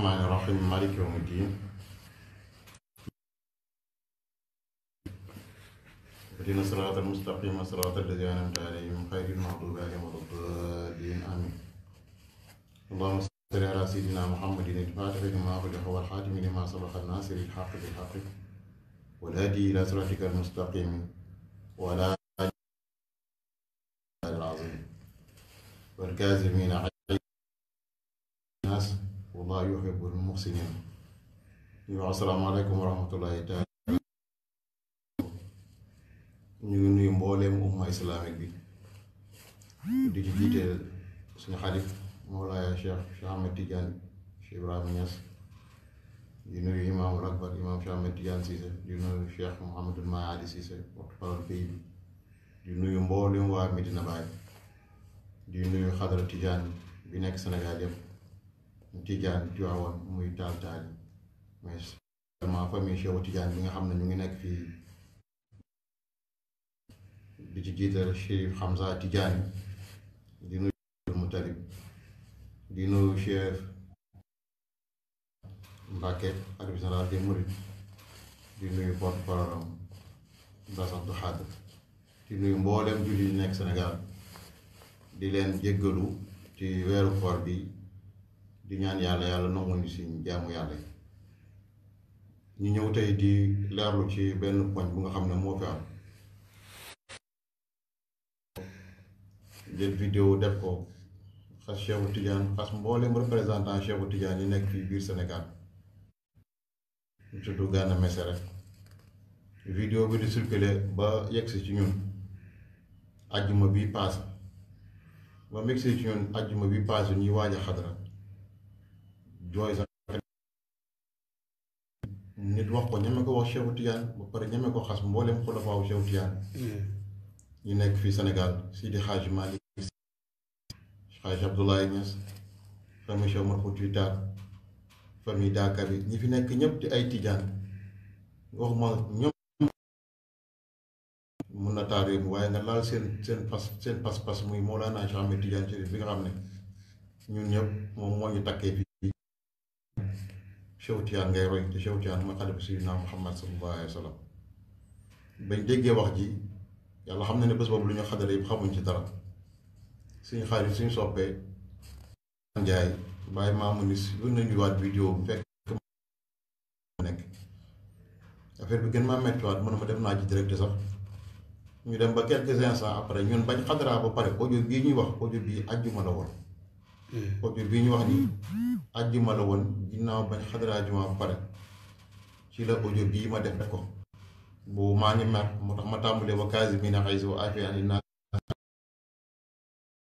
rahmaani rahiim maaliki yawmi diin ihdina siraatal mustaqiim siraatal laziina an'amta alayhim ghayril maghduubi alayhim wa lad-daalliin amiin allahumma salli ala sayyidina muhammadin al-faatihi limaa ughliqa wal xaatimi limaa sabaqa naasiril haqqi bil haqqi wal haadii ilaa siraatikal mustaqiim wa alaa aalihi al-aziim wal kaazimiina allah yuhibbul muhsinin yow asalaamaaleykum wa ngi nuyu mbooleem umma islamique bi di ci jiiteel suñu xarit Mawlaaya Cheikh Cheikh Ahmed Tidiane Cheikh Ibrahima Niass di nuyu imaamul akbar imaam Cheikh Ahmed Tidiane Cissé di nuyu Cheikh Mouhamadul Maali Cissé porte-parole pays bi di nuyu mbooleem waa Medina Baye di nuyu xadara Tidiane bi nekk Sénégal yëpp. Tijaan Tiwaawan muy taal taal mais vraiment famille Cheikh Tijaan bi nga xam ne ñu ngi nekk fii di ci jiital Chérif Hamza Tijaani di nuyu Mutalib di nuyu Cheikh Mbacke xalifa général des Mourides di nuyu porte-parole am Bass Abdou di nuyu mboolem jullit yi nekk senegal di leen jéggalu ci weeru koor bi di ñaan yàlla yàlla nangu ñu si jaamu yàlla yi ñu ñëw tey di leerlu ci benn poñ bu nga xam ne moo fi am jël def ko xas Cheikhu Tidiane xas mboolem représentant Cheikhu Tidiane yi nekk fii biir Sénégal ñu tudd Gana Messere vidéo bi di circuler ba yegsi ci ñun ajjuma bi paase ba mu yegsi ci ñun ajjuma bi paase ñuy waaj a jooy sax nit wax ko ñeme ko wax Cheikh Tidiane ba pare ñeme ko xas mboolem xulafaawu Cheikh Tidiane hmm. ñu nekk fii Sénégal di Hadj Malick Hadj Abdoulaye Niass famille Cheikh Oumar Foutiyou famille Daaka bi ñi fi nekk ñëpp di ay Tidiane wax ma ñoom mun na taar yooyu waaye nga laal seen seen pas seen pas-pas muy Mawlana Cheikh Ahmed Tidiane Chérif bi nga xam ne ñun ñëpp moom moo ñu takkee fii Chawtiyan ngay roy te Chawtiyan mooy xale bi Sayyidina Muhammad sallallahu alayhi bañ déggee wax ji yàlla xam na ne bés lu ñu xadale yëpp xamuñ ci dara suñu xaalis suñu soppee njaay bàyyi maamu si lu nañu waat vidéo bu fekk nekk affaire bi gën maa méttiwaat mën ma dem naa ci direct sax ñu dem ba quelques sa après ñun bañ xadaraa ba pare audio bii ñuy wax audio bii àjjuma la woon xutba hmm. bii ñu wax ni ajjuma la woon ginnaaw bañ xadara ajjuma pare ci la audio bii ma def ko boobu maa ngi mer moo tax ma tàmbalee ba kaasi bii na xëy si wa afi ani naa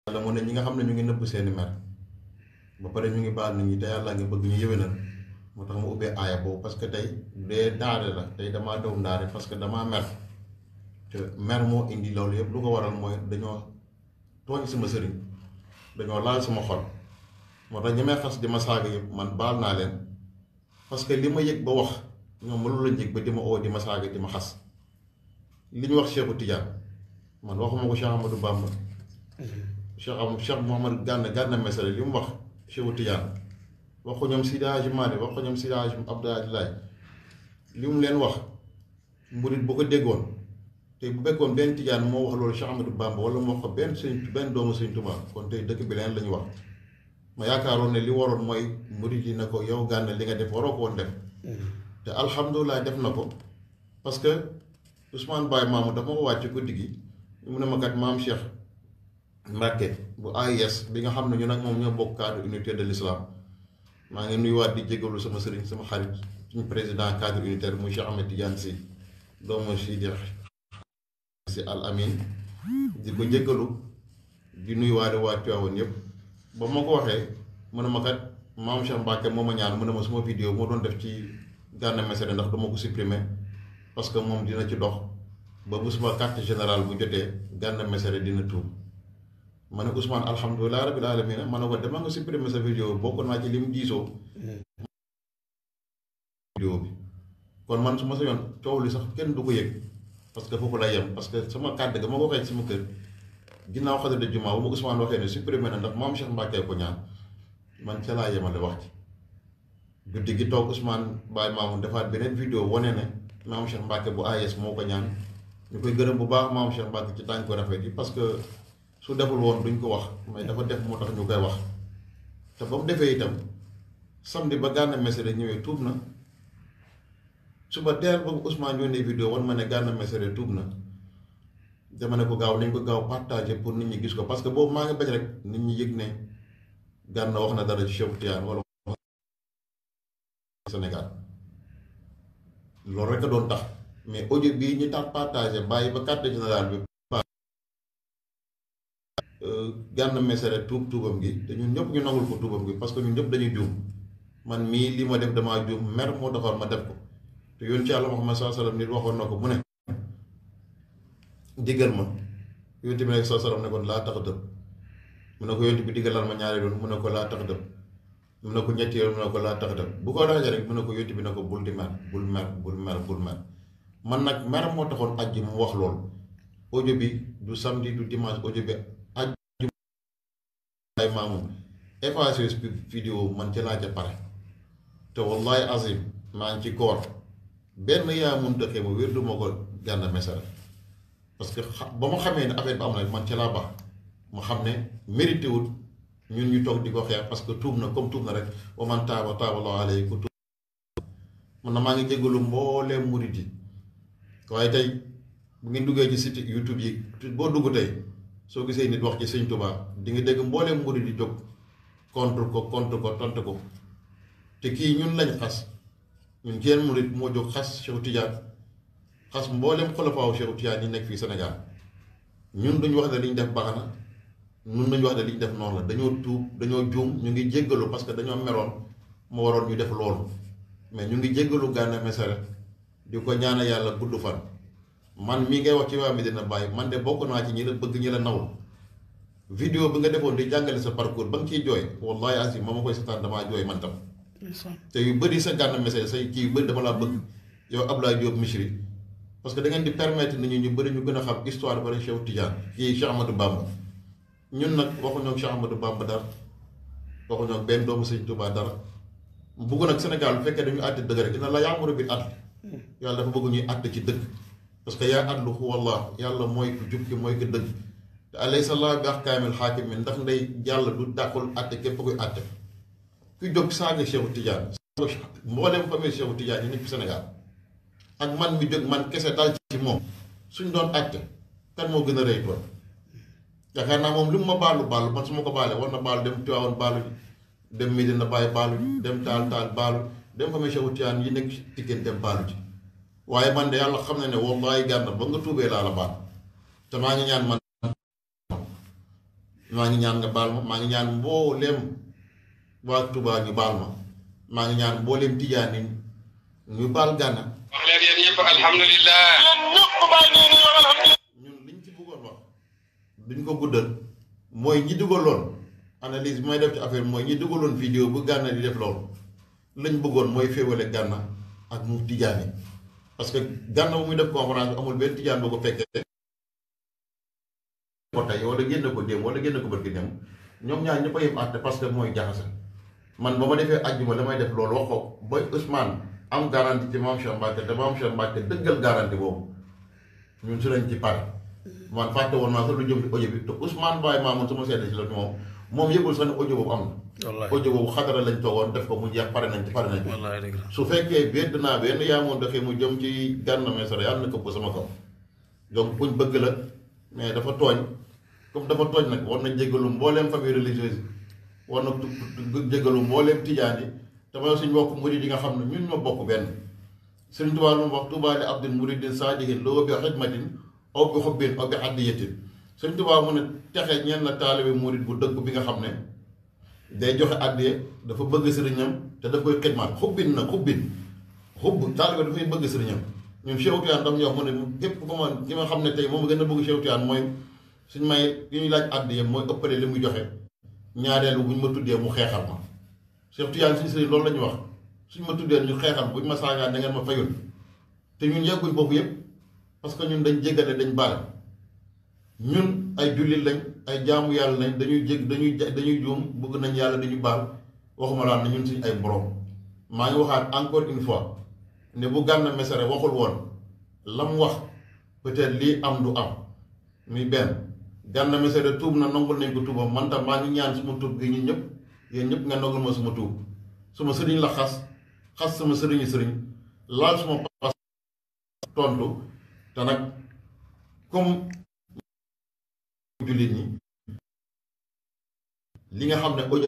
yàlla mu ñi nga xam ne ñu ngi nëbb seeni mer ba pare ñu ngi baal nit ñi te yàlla bëgg ñu yëwénal moo tax ma ubbee aaya boobu parce que tey dee ndaare la tey damaa dow ndaare parce que damaa mer te mer moo indi loolu yëpp lu ko waral mooy dañoo tooñ sama sëriñ dañoo laal sama xol moo tax ñi may xas di ma saaga yëpp man baal naa leen parce que li ma yëg ba wax ñoom mënul la yëg ba di ma oo di ma saaga di ma xas li ñu wax Cheikhu Tidiane man waxuma ko Cheikh Amadou Bamba. Cheikh am Cheikh Mouhamad Gana Gana Messere li mu wax Cheikhu Tidiane wax ko ñoom Sidi Hadji wax ko ñoom Sidi Hadji li mu leen wax murit bu ko déggoon. tey bu fekkoon benn tijaan moo wax loolu Cheikh Amadou Bamba wala moo wax ko benn sëñ benn doomu sëñ Tuubaa kon tey dëkk bi leen la ñu wax ma yaakaaroon ne li waroon mooy murid ji na ko yow Gana li nga def waroo ko def mm-hmm. te alhamdulilah def na ko parce que Ousmane Baye maamu dafa ma wàcc guddi gi mu ne ma kat maam Cheikh Mbacke bu AIS bi nga xam ne ñu nag moom ñoo bokk cadre unité de l'islam maa ngi nuyuwaat di jégalu sama sëriñ sama xarit suñu président cadre unitaire muy Cheikh Ahmed si al amin di ko njëkkalu di nuyuwaale waa Tiwaawan yëpp ba ma ko waxee mu ne ma kat maam Cheikh Mbacke moo ma ñaan mu ne ma suma vidéo moo doon def ci Gana Messere ndax duma ko supprimer parce que moom dina ci dox ba bu suma carte générale bu jotee Gana Messere dina tuub ma ne Ousmane alhamdulilah rabbil alamin ma ne ko dama nga supprimer sa vidéo bokk naa ci li mu diisoo vidéo kon man su ma sa yoon coow li sax kenn du ko yëg parce que foofu lay yem parce que sama kàddu ga ma ko waxee sama kër ginnaaw xasee de jumaa bu ma Ousmane waxee ne supprimé na ndax maam Cheikh Mbacke ko ñaan man ca laa yemale wax ci guddi gi toog Ousmane Baye Mamoun defaat beneen vidéo wone ne maam Cheikh Mbacke bu AES moo ko ñaan ñu koy gërëm bu baax maam Cheikh Mbacke ci tànk ko rafet yi parce que su deful woon duñ ko wax mais dafa def moo tax ñu koy wax te ba mu defee itam samedi ba gànna message ñëwee tuub na. suba teel ba Ousmane yónnee vidéo wan ma ne Gana Messere tuub na dama ne ko gaaw nañ ko gaaw partagé pour nit ñi gis ko parce que boobu maa ngi bañ rek nit ñi yëg ne Gana wax na dara ci Cheikh Tidiane wala loolu rek a doon tax mais audio bii ñu tax partagé bàyyi ba carte générale bi euh, Gana Messere tuub tuubam gi te ñun ñëpp ñu nangul ko tuubam gi parce que ñun ñëpp dañuy juum man mii li ma def damaa juum mer moo taxoon ma def ko te yoon ci yàlla Muhammad sallallahu alayhi wa sallam nit waxoon na ko mu ne diggal ma yoon bi nekk sallallahu alayhi wa laa tax dëpp mu ne ko yoon bi diggalal ma ñaari yoon mu ne ko laa tax dëpp mu ne ko ñetti yoon mu ne ko laa tax dëpp bu ko laajee rek mu ne ko yoon bi ne ko bul di mer bul mer bul mer bul mer man nag mer moo taxoon ajji mu wax loolu audio bi du samedi du dimanche audio bi ajji ay maamum effacé vidéo man ca laa ca pare te wallahi azim maa ngi ci koor benn yaa mun dëkkee ma wér du ma ko gànna mesara parce que ba ma xamee ne affaire bi am na man ca laa baax ma xam ne mérité wul ñun ñu toog di ko xeex parce que tuub na comme tuub na rek wa man taaba taaba loo alayhi ku tuub man na maa ngi jégalu mbooleem murit yi waaye tey bu ngeen duggee ci site YouTube yi boo dugg tey soo gisee nit wax ci sëñ Tuubaa di nga dégg mbooleem murit yi jóg contre ko contre ko tontu ko te kii ñun lañ xas ñun Thiel Mouride moo jóg xas Cheikh Tidiane xas mboolem xolofaawu Cheikh Tidiane yi nekk fii Sénégal ñun duñu wax ne li ñu def baax na ñun dañu wax ne li ñu def noon la dañoo tuub dañoo juum ñu ngi jéggalu parce que dañoo meroon moo waroon ñu def loolu mais ñu ngi jéggalu Gana Messere di ko ñaana yàlla gudd fan man mii ngay wax ci waa Medina Baye man de bokk naa ci ñi la bëgg ñi la naw vidéo bi nga defoon di jàngale sa parcours ba nga ciy jooy wallahi asi ma ma te yu bëri sa gànn message sa kii yu bëri dama laa bëgg yow Abdoulaye Diop Misri parce que da ngeen di permettre nit ñi ñu bëri ñu gën a xam histoire bare Cheikh Tidiane kii Cheikh Amadou Bamba ñun nag waxuñu ak Cheikh Amadou Bamba dara waxuñu ak benn doomu Sëñ Touba dara bëgg nag Sénégal bu la yaamuru bi àtt yàlla dafa bëgg ñuy àtte dëgg parce que yaa àtt lu xuwallah yàlla mooy ku mooy ku dëgg te alayhi salaam bi ahkaamil xaakim mi ndax ndey yàlla du dàqul àtte képp kuy àtte ku jóg saaga Cheikhu Tidiane saaga mboolem famille Cheikhu Tidiane yi nekk Sénégal ak man mi jóg man kese dal ci moom suñ doon àtte kan moo gën a rëy doon yaakaar naa moom li mu ma baalu baalu man ko baalee war na dem Tiwaawan baalu ji dem Medina Baye baalu ji dem taal taal baalu dem famille Cheikhu Tidiane yi nekk diggante dem baalu ji waaye man de yàlla xam na ne wallaay gànna ba nga tuubee laa la baal te maa ngi ñaan man maa ngi ñaan nga baal ma maa ngi ñaan mbooleem waa Touba ñu baal ma maa ngi ñaan mboolem Tijaani ñu baal Gana. wax leen yéen ñëpp ñun liñ ci bëggoon wax duñ ko guddal mooy ñi dugaloon analyse bi may def ci affaire mooy ñi dugaloon vidéo bu Gana di def loolu lañ bëggoon mooy féewale Gana ak mu Tijaani parce que Gana bu muy def conférence amul benn Tijaan boo ko fekkee. ko tey wala génn ko démb wala génn ko barki dem ñoom ñaar ñëpp a àtte parce que mooy jaxase. man ba ma defee àjjuma damay def loolu wax ko ba Ousmane am garanti ci maam Cheikh Mbacke te maam Cheikh Mbacke dëggal garanti boobu ñun su lañ ci pare man fàtte woon naa sax lu jëm ci audio bi te Ousmane Baye Mamoun su ma seetee si la moom moom yëgul sax ne ojo boobu am na. wallaahi audio boobu xadara lañ toogoon def ko mu jeex pare nañ ci pare nañ ci. su fekkee bedd naa benn yaa moom doxee mu jëm ci gànn meesara yàlla na këpp sama kaw donc buñ bëgg la mais dafa tooñ comme dafa tooñ nag war na jéggalu mbooleem famille religieuse war na jégalu mbooleem tijaan yi te mooy suñ mbokk murid yi nga xam ne ñun ma bokk benn Sëriñ Tuubaa lu mu wax Tuubaa li abdin muridin saadiqin loo bi xidmatin aw bi xubbin aw bi addiyatin Sëriñ Tuubaa mu ne texe ñeen la bi nga xam ne day joxe addiye dafa bëgg sëriñam te daf koy xidmaat xubbin nag xubbin xubb taalibe dafay bëgg sëriñam ñun Cheikh Tidiane dam ñu wax mu ne képp ku ma ki nga xam ne tey moom gën a bëgg Cheikh Tidiane mooy suñ may li ñuy laaj addiye mooy ëppale li mu joxe ñaareelu buñ ma tuddee mu xeexal ma Cheikh Tidiane suñu sëriñ loolu la ñu wax suñ ma tuddee ñu xeexal buñ ma saagaan da ngeen ma fayul te ñun yegguñ foofu yëpp parce que ñun dañ jéggale dañ baale ñun ay jullit lañ ay jaamu yàlla nañ dañuy jég dañuy ja dañuy juum bëgg nañ yàlla dañu baal waxuma laa ne ñun si ay borom maa ngi waxaat encore une fois ne bu Gana Messere waxul woon lam wax peut-être lii am du am muy benn Gana Messere de tuub na nangul nañ ko tuubam man tam maa ngi ñaan suma tuub gi ñun ñëpp yéen ñëpp nga nangul ma suma tuub suma sëriñ la xas xas sama sëriñu sëriñ laal suma pas tontu te nag comme jullit ñi li nga xam ne audio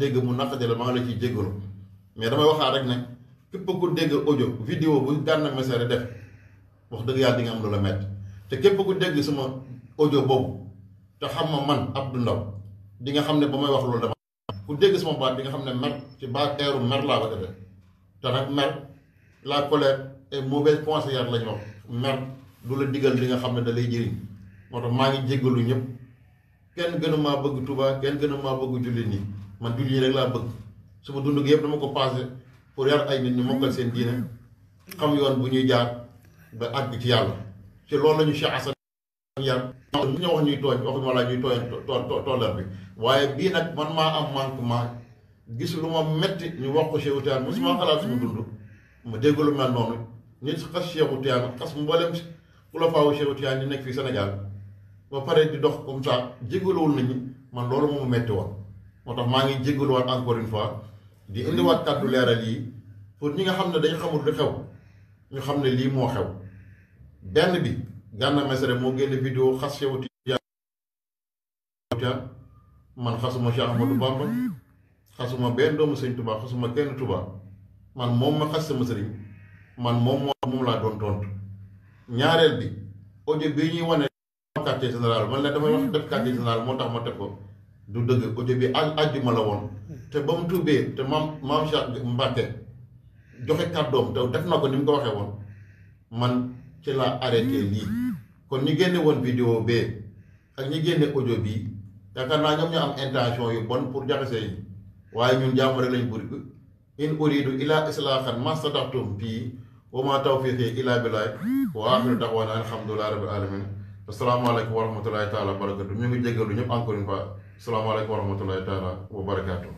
dégg mu naqade la maa la ciy jéggalu mais damay waxaat rek ne képp ku dégg audio vidéo bu Gana Messere def wax dëgg yàlla di nga am lu la metti te képp ku dégg sama audio boobu te xam ma man Abdou Ndao di nga xam ne ba may wax loolu dama ku dégg sama baat di nga xam ne mer ci baateeru mer laa ko defee te nag mer la colère et mauvaise conseillère lañ mer du la diggal li nga xam ne da lay moo tax maa ngi jéggalu ñëpp kenn gënu maa bëgg tubaa kenn gënu maa bëgg jullit nii man jullit yi rek laa bëgg suma dund gi yëpp dama ko passé pour yar ay nit ñu mokkal seen diine xam yoon bu ñuy jaar ba àgg ci yàlla ci loolu la ñu Cheikh Assane yar ñu ñëw ñuy tooñ waxuma la ñuy tooñ toolar bi waaye bii nag man maa am manquement gis lu ma metti ñu wax ko Cheikhu Tijaan mosuma mm-hmm. xalaat suñu dund ma dégg lu mel noonu ñu xas Cheikhu Tijaan xas mboolem ku la faawu Cheikhu Tijaan ñu nekk fii Sénégal ba pare di dox comme ça jégaluwul nit ñi man loolu moo metti woon moo tax maa ngi jégaluwaat encore une fois di indiwaat kàddu leeral yi pour ñi nga xam ne dañu xamul lu xew ñu xam ne lii moo xew benn bi Gana Messere moo génn vidéo xas Cheikh Tijaan man xasuma ma lu Bamba xasuma benn doomu sëñ Tuubaa xasuma kenn Tuubaa man moom ma xas sama sëriñ man moom moo moom laa doon tontu ñaareel bi audio bi ñuy wane quartier général man la damay wax def quartier général moo tax ma teg ko du dëgg audio bi àjjuma la woon te ba mu tuubee te maam maam Cheikh Mbàkke joxe kàddoom te def na ko ni mu ko waxee woon man ci laa arrêté lii kon ñi génne woon vidéo bee ak ñi génne bi bii yaakaar naa ñoom ñoo am intention yu bon pour jaxase yi waaye ñun jàmm rek lañ bëgg in uridu ila islaahan mastadaxtum fii wa ma tawfiqi illa billahi wa axiru daxwaana alhamdulillahi rabbil alamin asalaamaaleykum wa rahmatullahi taala wa barakatu ñu ngi jégalu ñëpp encore une fois asalaamaaleykum wa rahmatullahi taala barakatu